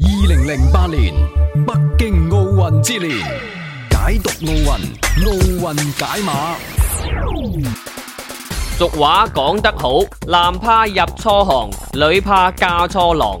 二零零八年北京奧運之年，解讀奧運，奧運解碼。俗話講得好，男怕入錯行，女怕嫁錯郎。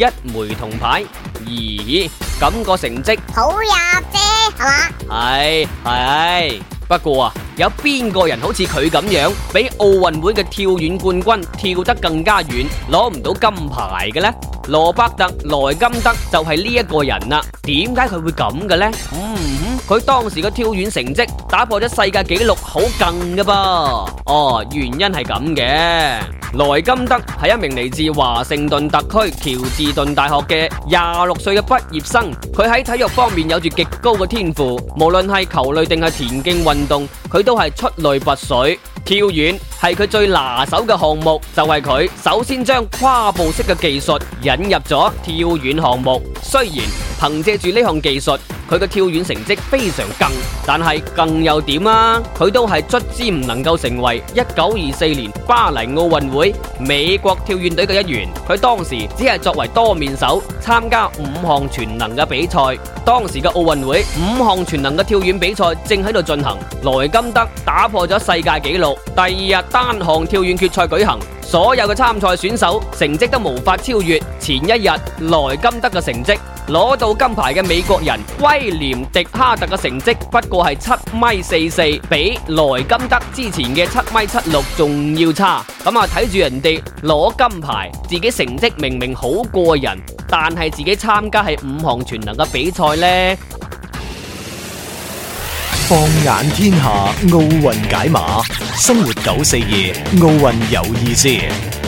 一枚銅牌，咦？咁、這個成績好呀啫，係嘛？係 係，不過啊，有邊個人好似佢咁樣，比奧運會嘅跳遠冠軍跳得更加遠，攞唔到金牌嘅呢？羅伯特萊金德就係呢一個人啦。點解佢會咁嘅呢？嗯佢、嗯嗯、當時嘅跳遠成績打破咗世界紀錄，好勁噶噃。哦，原因係咁嘅。萊金德係一名嚟自華盛頓特區喬治敦大學嘅廿六歲嘅畢業生，佢喺體育方面有住極高嘅天賦，無論係球類定係田徑運動，佢都係出類拔萃。跳遠係佢最拿手嘅項目，就係、是、佢首先將跨步式嘅技術引入咗跳遠項目，雖然憑借住呢項技術。佢嘅跳遠成績非常勁，但係勁又點啊？佢都係卒之唔能夠成為一九二四年巴黎奧運會美國跳遠隊嘅一員。佢當時只係作為多面手參加五項全能嘅比賽。當時嘅奧運會五項全能嘅跳遠比賽正喺度進行，萊金德打破咗世界紀錄。第二日單項跳遠決賽舉行。所有嘅參賽選手成績都無法超越前一日萊金德嘅成績，攞到金牌嘅美國人威廉迪哈特嘅成績不過係七米四四，比萊金德之前嘅七米七六仲要差。咁啊，睇住人哋攞金牌，自己成績明明好過人，但係自己參加係五項全能嘅比賽呢？放眼天下，奧運解碼，生活九四二。奧運有意思。